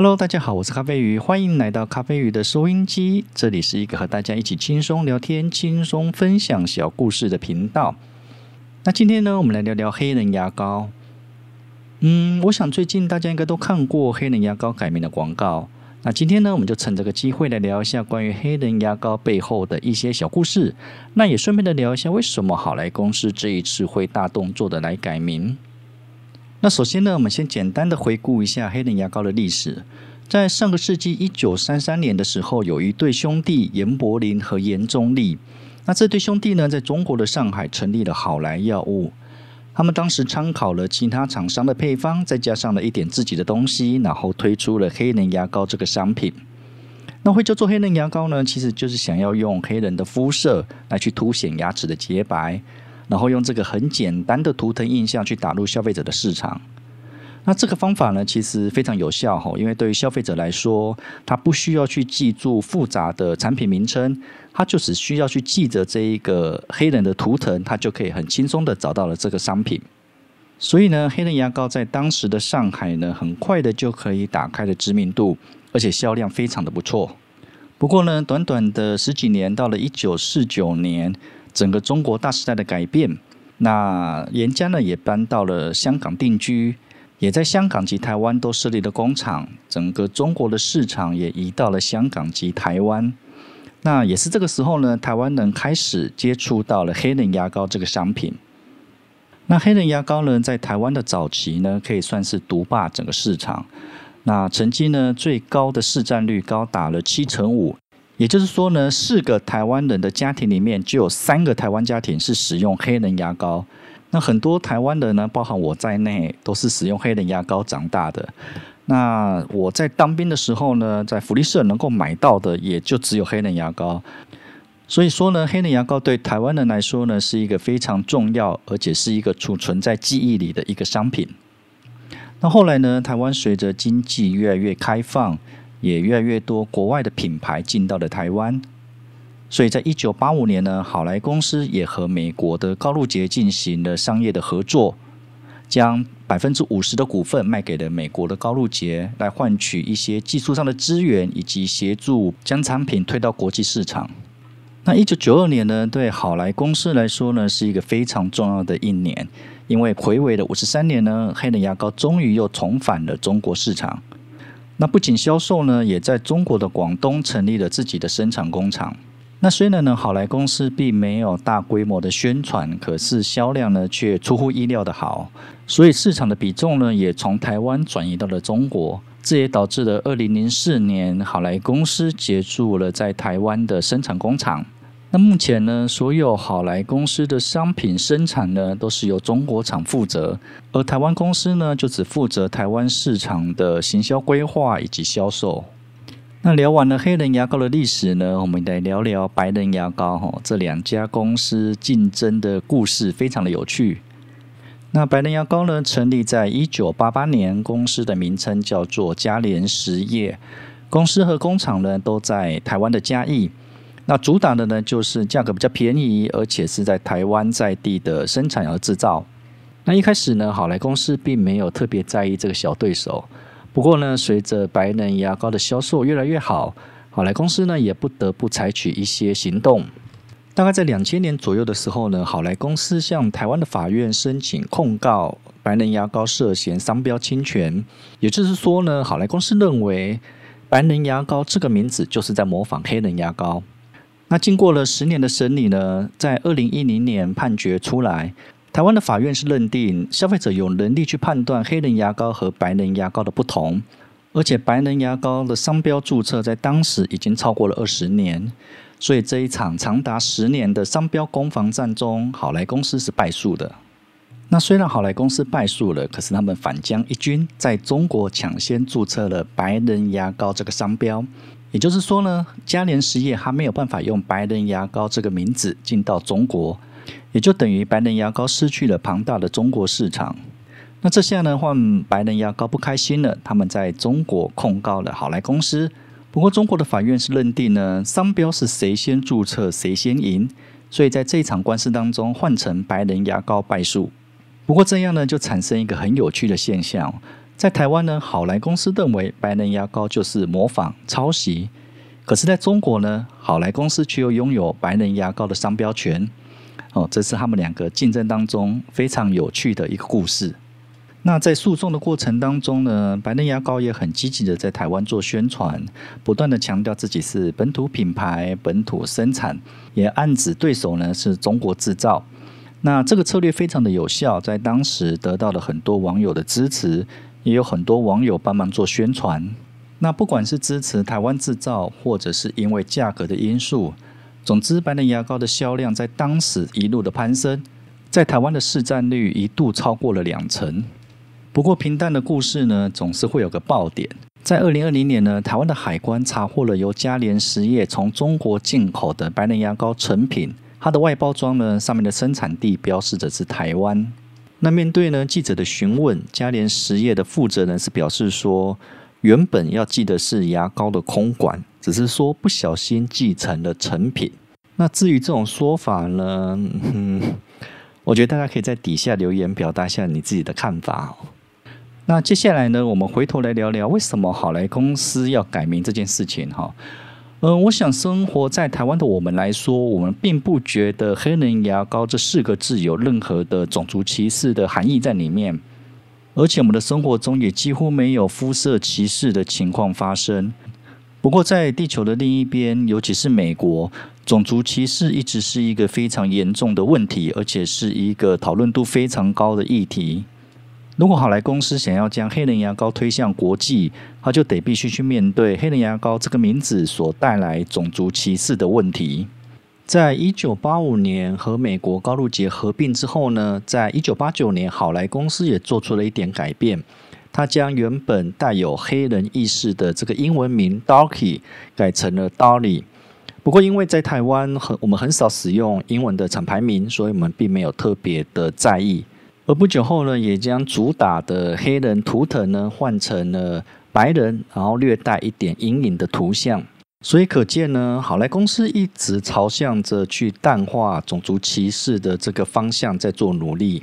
Hello，大家好，我是咖啡魚，歡迎來到咖啡魚的收音機。這裡是一個和大家一起輕鬆聊天、輕鬆分享小故事的頻道。那今天呢，我們來聊聊黑人牙膏。嗯，我想最近大家應該都看過黑人牙膏改名的廣告。那今天呢，我們就趁這個機會來聊一下關於黑人牙膏背後的一些小故事。那也順便的聊一下，為什麼好來公司這一次會大動作的來改名。那首先呢，我們先簡單的回顧一下黑人牙膏的歷史。在上個世紀一九三三年的時候，有一對兄弟嚴柏林和嚴中立。那這對兄弟呢，在中國的上海成立了好來藥物。他們當時參考了其他廠商的配方，再加上了一點自己的東西，然後推出了黑人牙膏這個商品。那會叫做黑人牙膏呢，其實就是想要用黑人的膚色來去凸顯牙齒的潔白。然後用這個很簡單的圖騰印象去打入消費者的市場，那這個方法呢，其實非常有效吼，因為對於消費者來說，他不需要去記住複雜的產品名稱，他就只需要去記着這一個黑人的圖騰，他就可以很輕鬆的找到了這個商品。所以呢，黑人牙膏在當時的上海呢，很快的就可以打開了知名度，而且銷量非常的不錯。不過呢，短短的十幾年，到了一九四九年。整個中國大時代的改變，那嚴家呢，也搬到了香港定居，也在香港及台灣都設立了工廠。整個中國的市場也移到了香港及台灣。那也是這個時候呢，台灣人開始接觸到了黑人牙膏這個商品。那黑人牙膏呢，在台灣的早期呢，可以算是獨霸整個市場。那曾經呢，最高的市占率高達了七成五。也就是說呢，四個台灣人的家庭裡面，就有三個台灣家庭是使用黑人牙膏。那很多台灣人呢，包含我在內，都是使用黑人牙膏長大的。那我在當兵的時候呢，在福利社能夠買到的，也就只有黑人牙膏。所以說呢，黑人牙膏對台灣人來說呢，是一個非常重要，而且是一個儲存在記憶裡的一個商品。那後來呢，台灣隨着經濟越來越開放。也越來越多國外的品牌進到了台灣，所以在一九八五年呢，好來公司也和美國的高露潔進行了商業的合作，將百分之五十的股份賣給了美國的高露潔，來換取一些技術上的資源以及協助將產品推到國際市場。那一九九二年呢，對好來公司來說呢，是一個非常重要的一年，因為暌違了五十三年呢，黑人牙膏終於又重返了中國市場。那不僅銷售呢，也在中國的廣東成立了自己的生產工廠。那雖然呢，好來公司並沒有大規模的宣傳，可是銷量呢，卻出乎意料的好，所以市場的比重呢，也從台灣轉移到了中國。這也導致了二零零四年，好來公司結束了在台灣的生產工廠。那目前呢，所有好來公司的商品生產呢，都是由中國廠負責，而台灣公司呢，就只負責台灣市場的行銷規劃以及銷售。那聊完了黑人牙膏的歷史呢，我們來聊聊白人牙膏哦。哈，這兩家公司競爭的故事非常的有趣。那白人牙膏呢，成立在一九八八年，公司的名稱叫做嘉聯實業，公司和工廠呢，都在台灣的嘉義。那主打的呢，就是價格比較便宜，而且是在台灣在地的生產和製造。那一開始呢，好來公司並沒有特別在意這個小對手。不過呢，隨着白人牙膏的銷售越來越好，好來公司呢也不得不採取一些行動。大概在兩千年左右的時候呢，好來公司向台灣的法院申請控告白人牙膏涉嫌商標侵權。也就是說呢，好來公司認為白人牙膏這個名字就是在模仿黑人牙膏。那經過了十年的審理呢，在二零一零年判決出來，台灣的法院是認定消費者有能力去判斷黑人牙膏和白人牙膏的不同，而且白人牙膏的商標註冊在當時已經超過了二十年，所以這一場長達十年的商標攻防戰中，好來公司是敗訴的。那雖然好來公司敗訴了，可是他們反將一軍，在中國搶先註冊了白人牙膏這個商標。也就是說呢，嘉聯實業還沒有辦法用“白人牙膏”這個名字，進到中國，也就等於“白人牙膏”失去了龐大的中國市場。那這下呢，換、嗯“白人牙膏”不開心了，他們在中國控告了好來公司。不過中國的法院是認定呢，商標是誰先註冊誰先贏，所以在這一場官司當中，換成“白人牙膏”敗訴。不過這樣呢，就產生一個很有趣的現象。在台灣呢，好來公司認為白人牙膏就是模仿抄襲，可是，在中國呢，好來公司卻又擁有白人牙膏的商標權。哦，這是他們兩個競爭當中非常有趣的一個故事。那在訴訟的過程當中呢，白人牙膏也很積極的在台灣做宣傳，不斷的強調自己是本土品牌、本土生產，也暗指對手呢是中國製造。那這個策略非常的有效，在當時得到了很多網友的支持。也有很多網友幫忙做宣傳。那不管是支持台灣製造，或者是因為價格的因素，總之白人牙膏的銷量在當時一路的攀升，在台灣的市占率一度超過了兩成。不過平淡的故事呢，總是會有個爆點。在二零二零年呢，台灣的海關查獲了由嘉聯實業從中國進口的白人牙膏成品，它的外包裝呢，上面的生產地標示着是台灣。那面對呢記者的詢問，嘉聯實業的負責人是表示說，原本要寄的是牙膏的空管，只是說不小心寄成了成品。那至於這種說法呢，嗯，我覺得大家可以在底下留言表達一下你自己的看法。那接下來呢，我們回頭來聊聊為什麼好來公司要改名這件事情哈。嗯、呃，我想生活在台灣的我們來說，我們並不覺得“黑人牙膏”這四個字有任何的種族歧視的含義在裡面，而且我們的生活中也幾乎沒有膚色歧視的情況發生。不過，在地球的另一邊，尤其是美國，種族歧視一直是一個非常嚴重的問題，而且是一個討論度非常高的議題。如果好來公司想要將黑人牙膏推向國際，他就得必須去面對黑人牙膏這個名字所帶來種族歧視的問題。在一九八五年和美國高露潔合併之後呢，在一九八九年，好來公司也做出了一點改變，它將原本帶有黑人意識的這個英文名 Darkie 改成了 Darlie。不過，因為在台灣很我們很少使用英文的廠牌名，所以我們並沒有特別的在意。而不久後呢，也將主打的黑人圖騰呢換成了白人，然後略帶一點陰影的圖像。所以可見呢，好來公司一直朝向着去淡化種族歧視的這個方向在做努力。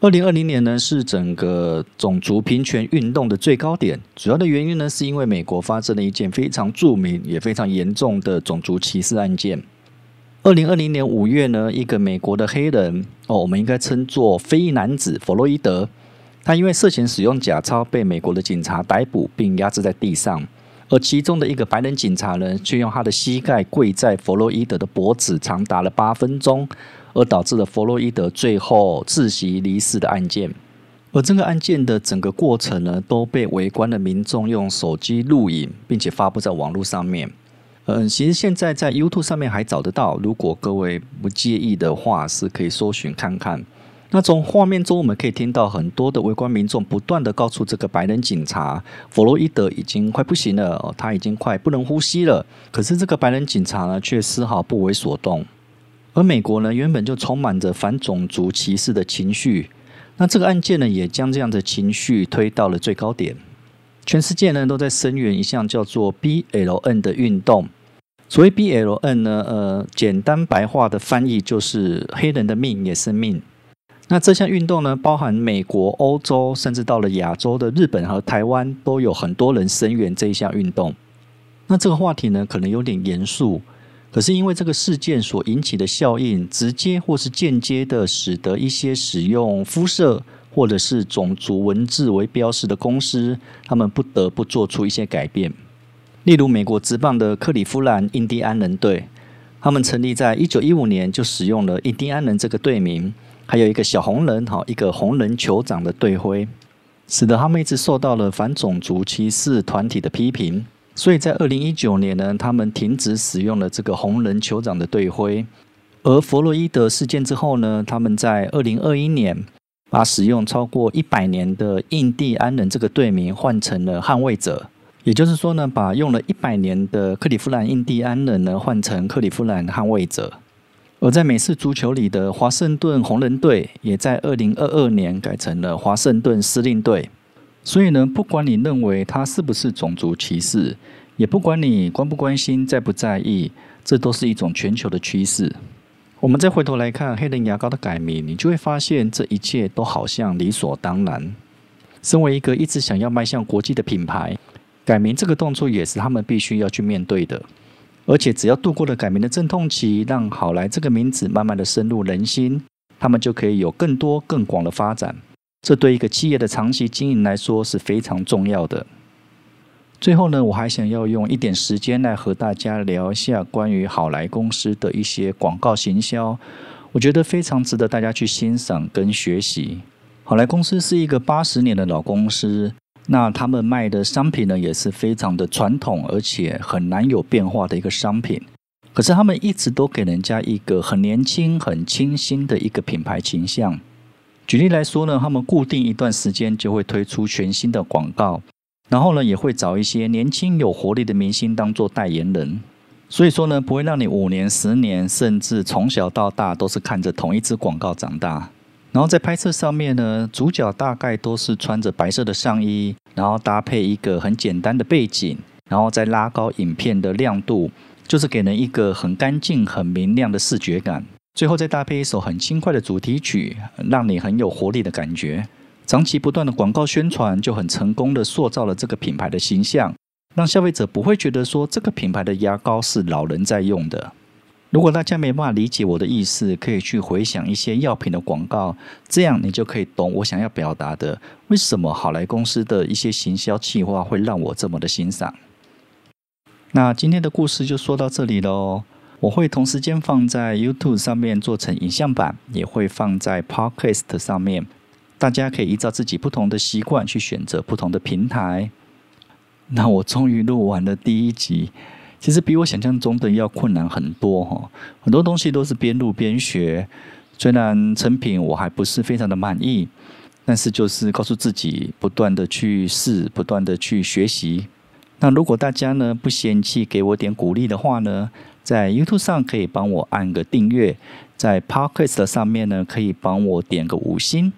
二零二零年呢，是整個種族平權運動的最高點。主要的原因呢，是因為美國發生了一件非常著名也非常嚴重的種族歧視案件。二零二零年五月呢，一個美國的黑人哦，我們應該稱作非裔男子弗洛伊德，他因為涉嫌使用假鈔被美國的警察逮捕，並壓制在地上，而其中的一個白人警察呢，卻用他的膝蓋跪在弗洛伊德的脖子，長達了八分鐘，而導致了弗洛伊德最後窒息離世的案件。而這個案件的整個過程呢，都被圍觀的民眾用手機錄影，並且發布在網絡上面。嗯，其實現在在 YouTube 上面還找得到，如果各位不介意的話，是可以搜尋看看。那從畫面中我們可以聽到很多的圍觀民眾不斷的告訴這個白人警察，弗洛伊德已經快不行了，哦，他已經快不能呼吸了。可是這個白人警察呢，卻絲毫不為所動。而美國呢，原本就充滿着反種族歧視的情緒，那這個案件呢，也將這樣的情緒推到了最高點。全世界人都在聲援一項叫做 BLN 的運動。所謂 BLN 呢，呃，簡單白話的翻譯就是“黑人的命也是命”。那這項運動呢，包含美國、歐洲，甚至到了亞洲的日本和台灣，都有很多人聲援這一項運動。那這個話題呢，可能有點嚴肅，可是因為這個事件所引起的效應，直接或是間接的，使得一些使用膚色，或者是種族文字為標識的公司，他們不得不做出一些改變。例如，美國職棒的克利夫蘭印第安人隊，他們成立在一九一五年就使用了印第安人這個隊名，還有一個小紅人，一個紅人酋長的隊徽，使得他們一直受到了反種族歧視團體的批評。所以在二零一九年呢，他們停止使用了這個紅人酋長的隊徽。而弗洛伊德事件之後呢，他們在二零二一年。把使用超過一百年的印第安人這個隊名換成了捍衛者，也就是說呢，把用了一百年的克利夫蘭印第安人呢換成克利夫蘭捍衛者。而在美式足球裡的華盛頓紅人隊也在二零二二年改成了華盛頓司令隊。所以呢，不管你認為他是不是種族歧視，也不管你關不關心、在不在意，這都是一種全球的趨勢。我們再回頭來看黑人牙膏的改名，你就會發現這一切都好像理所當然。身為一個一直想要邁向國際的品牌，改名這個動作也是他們必須要去面對的。而且只要度過了改名的陣痛期，讓好來這個名字慢慢地深入人心，他們就可以有更多更廣的發展。這對一個企業的長期經營來說是非常重要的。最後呢，我還想要用一點時間來和大家聊一下關於好來公司的一些廣告行銷，我覺得非常值得大家去欣賞跟學習。好來公司是一個八十年的老公司，那他們賣的商品呢，也是非常的傳統，而且很難有變化的一個商品。可是他們一直都給人家一個很年輕、很清新的一個品牌形象。舉例來說呢，他們固定一段時間就會推出全新的廣告。然後呢，也會找一些年輕有活力的明星當做代言人，所以說呢，不會讓你五年、十年，甚至從小到大都是看着同一支廣告長大。然後在拍攝上面呢，主角大概都是穿着白色的上衣，然後搭配一個很簡單的背景，然後再拉高影片的亮度，就是給人一個很乾淨、很明亮的視覺感。最後再搭配一首很輕快的主題曲，讓你很有活力的感覺。長期不斷的廣告宣傳，就很成功的塑造了這個品牌的形象，讓消費者不會覺得說這個品牌的牙膏是老人在用的。如果大家沒辦法理解我的意思，可以去回想一些藥品的廣告，這樣你就可以懂我想要表達的。為什麼好來公司的一些行銷企劃會讓我這麼的欣賞？那今天的故事就說到這裡嘍，我會同時間放在 YouTube 上面做成影像版，也會放在 Podcast 上面。大家可以依照自己不同的習慣去選擇不同的平台。那我終於錄完了第一集，其實比我想象中的要困難很多哈。很多東西都是邊錄邊學，雖然成品我還不是非常的滿意，但是就是告訴自己不斷的去試，不斷的去學習。那如果大家呢不嫌棄，給我點鼓勵的話呢，在 YouTube 上可以幫我按個訂閱，在 Podcast 上面呢可以幫我點個五星。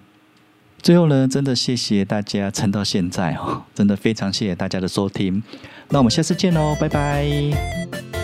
最後呢，真的謝謝大家撐到現在哦，真的非常謝謝大家的收聽，那我們下次見嘍，拜拜。